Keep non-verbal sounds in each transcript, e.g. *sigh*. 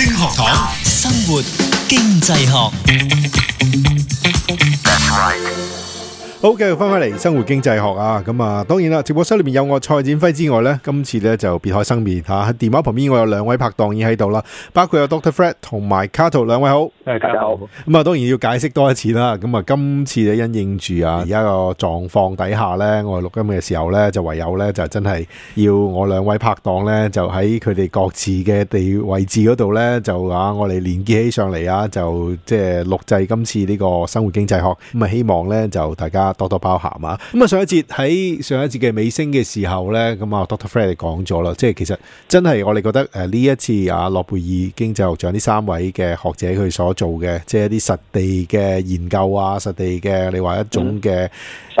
升學堂，Now. 生活經濟學。好，繼續翻翻嚟，生活經濟學啊，咁啊當然啦，直播室裏面有我蔡展輝之外呢，今次呢就別開生面吓，喺電話旁邊我有兩位拍檔已經喺度啦，包括有 Dr Fred 同埋 Cato 兩位。好，大家好，咁啊當然要解釋多一次啦，咁啊今次呢因應住啊而家個狀況底下呢，我哋錄音嘅時候呢，就唯有呢，就真係要我兩位拍檔呢，就喺佢哋各自嘅地理位置嗰度呢，就啊我哋連結起上嚟，啊就即係錄製今次呢個生活經濟學，咁啊希望呢，就大家。多多包涵啊！咁啊，上一節喺上一節嘅尾聲嘅時候咧，咁啊，Dr. Fred 講咗啦，即係其實真係我哋覺得誒呢一次諾貝爾經濟學獎呢，三位嘅學者佢所做嘅，即係一啲實地嘅研究啊，實地嘅你話一種嘅。嗯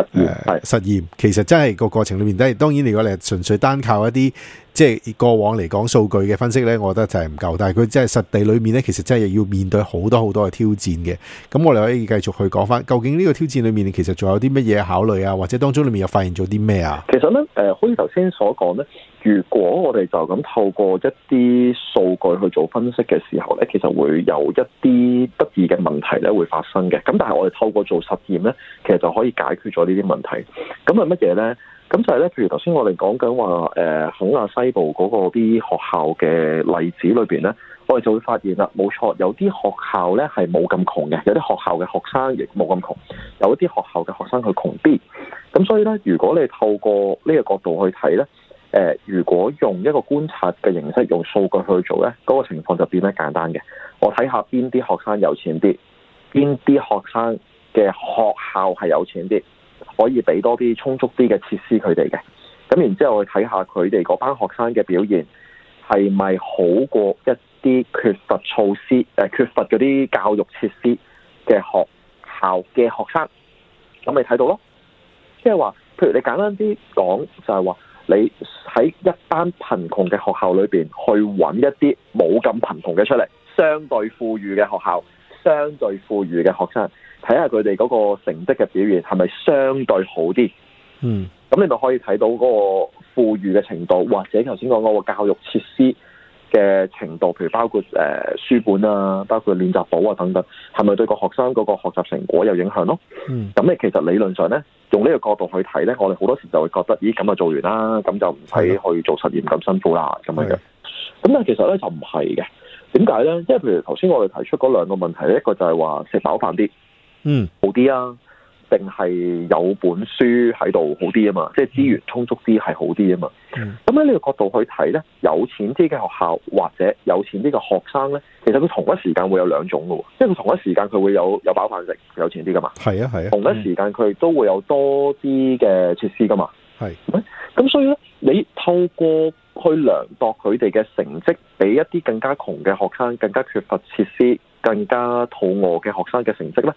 誒，係實驗、呃，其實真係個過程裏面都係，當然如果你係純粹單靠一啲即係過往嚟講數據嘅分析咧，我覺得就係唔夠。但係佢真係實地裏面咧，其實真係要面對好多好多嘅挑戰嘅。咁我哋可以繼續去講翻，究竟呢個挑戰裏面，其實仲有啲乜嘢考慮啊？或者當中裏面又發現咗啲咩啊？其實咧，誒、呃，好似頭先所講咧。如果我哋就咁透過一啲數據去做分析嘅時候咧，其實會有一啲得意嘅問題咧會發生嘅。咁但係我哋透過做實驗咧，其實就可以解決咗呢啲問題。咁係乜嘢咧？咁就係咧，譬如頭先我哋講緊話，誒肯亞西部嗰個啲學校嘅例子裏邊咧，我哋就會發現啦，冇錯，有啲學校咧係冇咁窮嘅，有啲學校嘅學生亦冇咁窮，有啲學校嘅學生佢窮啲。咁所以咧，如果你透過呢個角度去睇咧。誒，如果用一個觀察嘅形式，用數據去做呢，嗰個情況就變得簡單嘅。我睇下邊啲學生有錢啲，邊啲學生嘅學校係有錢啲，可以俾多啲充足啲嘅設施佢哋嘅。咁然之後，我睇下佢哋嗰班學生嘅表現係咪好過一啲缺乏措施、誒、呃、缺乏嗰啲教育設施嘅學校嘅學生。咁你睇到咯，即係話，譬如你簡單啲講，就係、是、話。你喺一班貧窮嘅學校裏邊去揾一啲冇咁貧窮嘅出嚟，相對富裕嘅學校，相對富裕嘅學生，睇下佢哋嗰個成績嘅表現係咪相對好啲？嗯，咁你咪可以睇到嗰個富裕嘅程度，或者頭先講嗰個教育設施嘅程度，譬如包括誒、呃、書本啊，包括練習簿啊等等，係咪對個學生嗰個學習成果有影響咯？嗯，咁你其實理論上呢。用呢個角度去睇呢，我哋好多時就會覺得，咦咁就做完啦，咁就唔使去做實驗咁辛苦啦，咁樣嘅。咁但其實呢，就唔係嘅，點解呢？因為譬如頭先我哋提出嗰兩個問題，一個就係話食飽飯啲，嗯，好啲啊。定係有本書喺度好啲啊嘛，即係資源充足啲係好啲啊嘛。咁喺呢個角度去睇呢，有錢啲嘅學校或者有錢啲嘅學生呢，其實佢同一時間會有兩種嘅喎，即係佢同一時間佢會有有飽飯食，有錢啲噶嘛。係啊係啊，啊嗯、同一時間佢都會有多啲嘅設施噶嘛。係是。咁所以呢，你透過去量度佢哋嘅成績，比一啲更加窮嘅學生，更加缺乏設施，更加肚餓嘅學生嘅成績呢。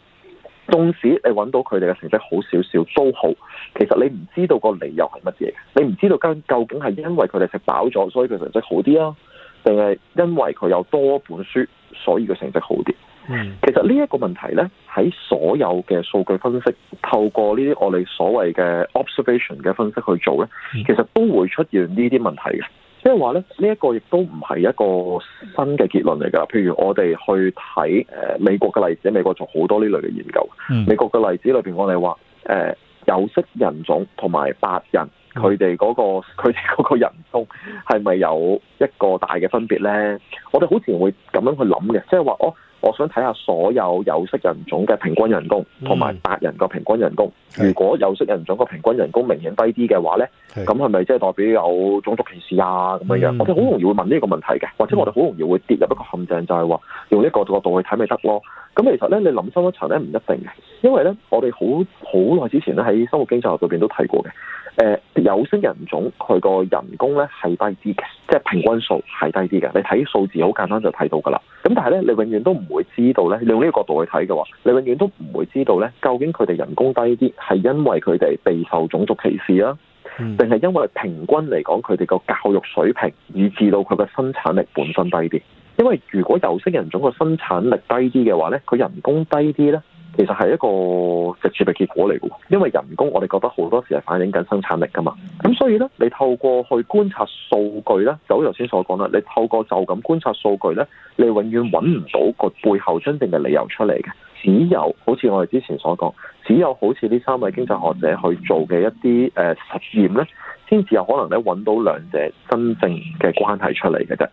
縱使你揾到佢哋嘅成績好少少都好，其實你唔知道個理由係乜嘢，你唔知道究竟係因為佢哋食飽咗，所以佢成績好啲啊，定係因為佢有多本書，所以佢成績好啲。其實呢一個問題呢，喺所有嘅數據分析，透過呢啲我哋所謂嘅 observation 嘅分析去做呢，其實都會出現呢啲問題嘅。即係話咧，是呢一、呢個亦都唔係一個新嘅結論嚟㗎。譬如我哋去睇誒、呃、美國嘅例子，美國做好多呢類嘅研究。嗯、美國嘅例子裏邊，我哋話誒有色人種同埋白人，佢哋嗰個佢哋嗰個人工係咪有一個大嘅分別咧？我哋好似會咁樣去諗嘅，即係話我。哦我想睇下所有有色人種嘅平均人工同埋白人嘅平均人工。人人工嗯、如果有色人種嘅平均人工明顯低啲嘅話咧，咁係咪即係代表有種族歧視啊？咁樣樣，我哋好容易會問呢個問題嘅，或者我哋好容易會跌入一個陷阱，就係、是、話用一個，個角度去睇咪得咯？咁其實咧，你諗深一層咧，唔一定嘅，因為咧，我哋好好耐之前咧喺生活經濟學裏面都睇過嘅、呃。有色人種佢個人工咧係低啲嘅，即、就、係、是、平均數係低啲嘅。你睇數字好簡單就睇到噶啦。咁但係咧，你永遠都唔會知道咧。你用呢個角度去睇嘅話，你永遠都唔會知道咧，究竟佢哋人工低啲係因為佢哋備受種族歧視啦，定係因為平均嚟講佢哋個教育水平，以至到佢嘅生產力本身低啲。因為如果有色人種個生產力低啲嘅話咧，佢人工低啲咧，其實係一個直接嘅結果嚟嘅，因為人工我哋覺得好多時係反映緊生產力噶嘛，咁所以咧，你透過去觀察數據咧，就好頭先所講啦，你透過就咁觀察數據咧，你永遠揾唔到個背後真正嘅理由出嚟嘅，只有好似我哋之前所講，只有好似呢三位經濟學者去做嘅一啲誒實驗咧，先至有可能咧揾到兩者真正嘅關係出嚟嘅啫。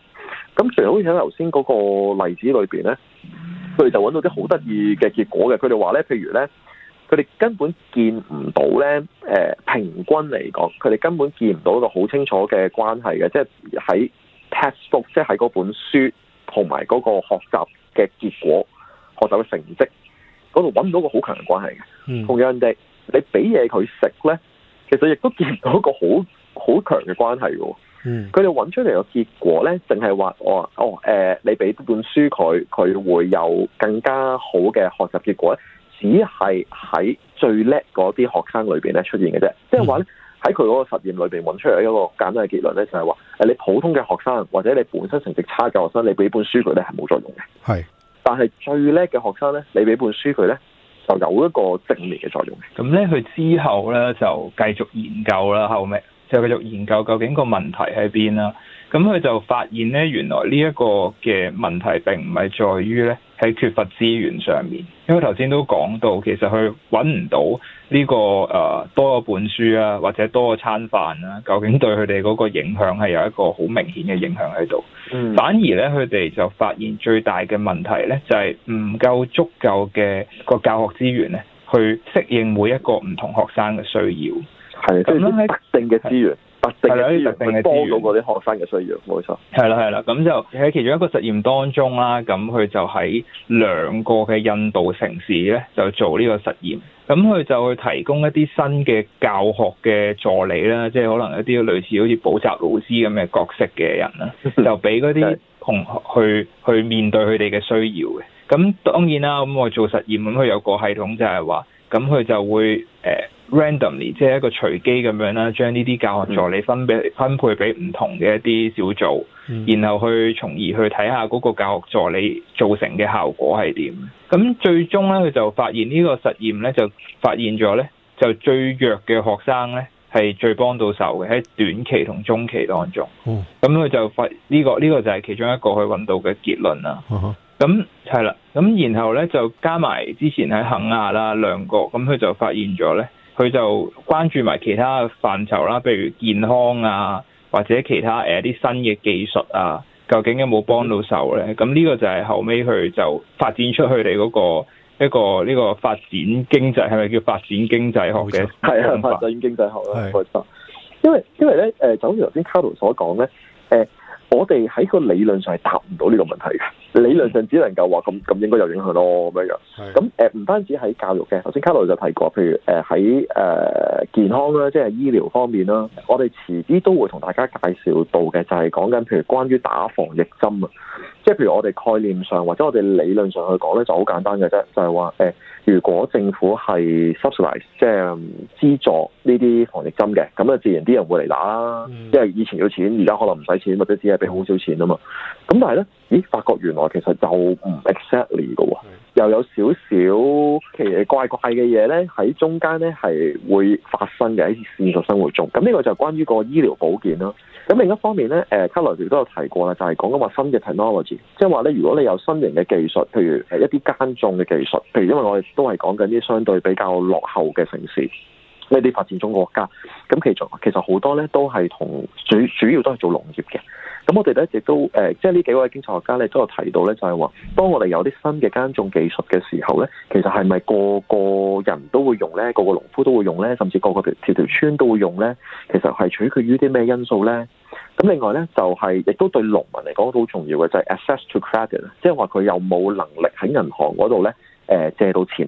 咁最好似喺頭先嗰個例子裏邊咧。佢哋就揾到啲好得意嘅結果嘅，佢哋話咧，譬如咧，佢哋根本見唔到咧，誒、呃、平均嚟講，佢哋根本見唔到一個好清楚嘅關係嘅，即係喺 textbook 即係喺嗰本書同埋嗰個學習嘅結果，學習嘅成績嗰度揾唔到一個好強嘅關係嘅。嗯、同樣地，你俾嘢佢食咧，其實亦都見唔到一個好好強嘅關係嘅、啊，佢哋揾出嚟個結果咧，淨係話我哦誒、哦呃,你俾本書佢，佢會有更加好嘅學習結果咧,只係喺最叻嗰啲學生裏邊咧出現嘅啫。即係話喺佢嗰個實驗裏邊揾出嚟一個簡單嘅結論咧，就係話誒，你普通嘅學生或者你本身成績差嘅學生，你俾本書佢咧係冇作用嘅。係是，但係最叻嘅學生咧，你俾本書佢咧就有一個正面嘅作用嘅。咁咧佢之後咧就繼續研究啦，後尾。就繼續研究究竟個問題喺邊啦。咁佢就發現咧，原來呢一個嘅問題並唔係在於咧，喺缺乏資源上面。因為頭先都講到，其實佢揾唔到呢、呢個誒、呃、多一本書啊，或者多一餐飯啦，究竟對佢哋嗰個影響係有一個好明顯嘅影響喺度。嗯、反而咧，佢哋就發現最大嘅問題咧，就係唔夠足夠嘅個教學資源咧，去適應每一個唔同學生嘅需要。係，即係、就是、一啲特定嘅資源，的特定嘅資源去幫啲學生嘅需要，冇錯的。係啦係啦，咁就喺其中一個實驗當中啦，咁佢就喺兩個嘅印度城市咧，就做呢個實驗。咁佢就去提供一啲新嘅教學嘅助理啦，即係可能一啲類似好似補習老師咁嘅角色嘅人啦，嗯、就俾嗰啲同學去的去面對佢哋嘅需要嘅。咁當然啦，咁我做實驗咁，佢有個系統就係話。咁佢就會、uh, randomly，即係一個隨機咁樣啦，將呢啲教學助理分俾分配俾唔同嘅一啲小組，嗯、然後去從而去睇下嗰個教學助理造成嘅效果係點。咁最終咧，佢就發現呢個實驗咧，就發現咗咧，就最弱嘅學生咧係最幫到手嘅喺短期同中期當中。咁佢、嗯、就發呢、呢個呢、呢個就係其中一個去揾到嘅結論啦。Uh huh. 咁係啦，咁然後咧就加埋之前喺肯亞啦兩國，咁佢就發現咗咧，佢就關注埋其他範疇啦，譬如健康啊，或者其他啲新嘅技術啊，究竟有冇幫到手咧？咁呢、嗯、個就係後尾，佢就發展出去哋嗰、嗰個一個呢、呢個發展經濟係咪叫發展經濟學嘅？係啊、嗯，發展經濟學啦，冇錯。因為因為咧誒，就好似頭先卡所講咧，呃我哋喺個理論上係答唔到呢個問題嘅，理論上只能夠話咁咁應該有影響咯咁樣樣。咁唔單止喺教育嘅，頭先卡路就提過，譬如喺健康啦，即係醫療方面啦，我哋遲啲都會同大家介紹到嘅，就係講緊譬如關於打防疫針啊，即係譬如我哋概念上或者我哋理論上去講咧，就好簡單嘅啫，就係話誒如果政府係 subsidy 即係資助呢啲防疫針嘅，咁啊自然啲人會嚟打啦，因為以前要錢，而家可能唔使錢，或者只係俾好少錢啊嘛。咁但係咧，咦？發覺原來其實就唔 exactly 嘅喎。又有少少奇奇怪怪嘅嘢咧，喺中間咧係會發生嘅喺現實生活中。咁呢個就係關於個醫療保健啦。咁另一方面咧，誒卡萊都有提過啦，就係講緊話新嘅 technology，即係話咧如果你有新型嘅技術，譬如一啲耕種嘅技術，譬如因為我哋都係講緊啲相對比較落後嘅城市。呢啲發展中國家，咁其，其實其實好多咧都係同主主要都係做農業嘅。咁我哋咧一直都誒、呃，即係呢幾位經濟學家咧都有提到咧，就係話當我哋有啲新嘅耕種技術嘅時候咧，其實係咪個個人都會用咧？個個農夫都會用咧？甚至個個條條村都會用咧？其實係取決於啲咩因素咧？咁另外咧就係亦都對農民嚟講都好重要嘅，就係 access to credit，即係話佢有冇能力喺銀行嗰度咧誒借到錢。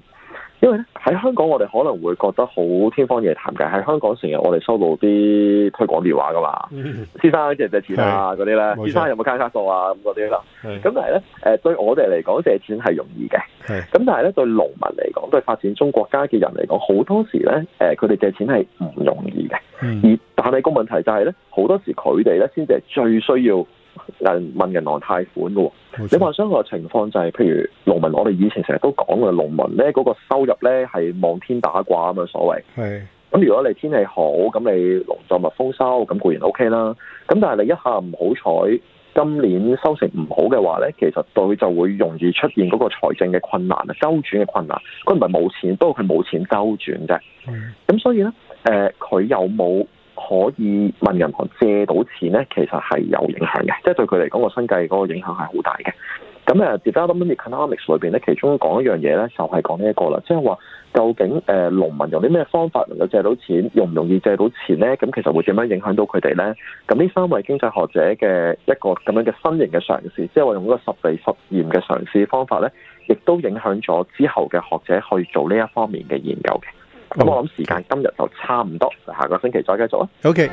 因為咧喺香港，我哋可能會覺得好天方夜譚嘅。喺香港成日我哋收到啲推廣電話噶嘛， *laughs* 先生借唔借錢啊嗰啲啦，先生有冇卡卡數啊咁嗰啲啦。咁是但係咧，誒對我哋嚟講借錢係容易嘅。咁是但係咧對農民嚟講，對發展中國家嘅人嚟講，好多時咧誒佢哋借錢係唔容易嘅。嗯、而但係個問題就係、是、咧，好多時佢哋咧先至係最需要。問人問銀行貸款嘅，錯你話上個情況就係、是，譬如農民，我哋以前成日都講嘅，農民咧嗰個收入咧係望天打卦啊嘛，所謂係咁。如果你天氣好，咁你農作物豐收，咁固然 O、OK、K 啦。咁但係你一下唔好彩，今年收成唔好嘅話咧，其實對就會容易出現嗰個財政嘅困難啊，周轉嘅困難。佢唔係冇錢，不過佢冇錢周轉啫。咁是所以咧，誒、呃，佢有冇？可以問銀行借到錢咧，其實係有影響嘅，即係對佢嚟講個新計嗰個影響係好大嘅。咁誒，嗯《The Journal of Economics》裏面其中講一樣嘢咧，就係、是、講呢一個啦，即係話究竟誒、呃、農民用啲咩方法能夠借到錢，容唔容易借到錢咧？咁其實會點樣影響到佢哋咧？咁呢三位經濟學者嘅一個咁樣嘅新型嘅嘗試，即係話用嗰個實地實驗嘅嘗試方法咧，亦都影響咗之後嘅學者去做呢一方面嘅研究嘅。咁我諗時間今日就差唔多，下個星期再繼續啊。OK。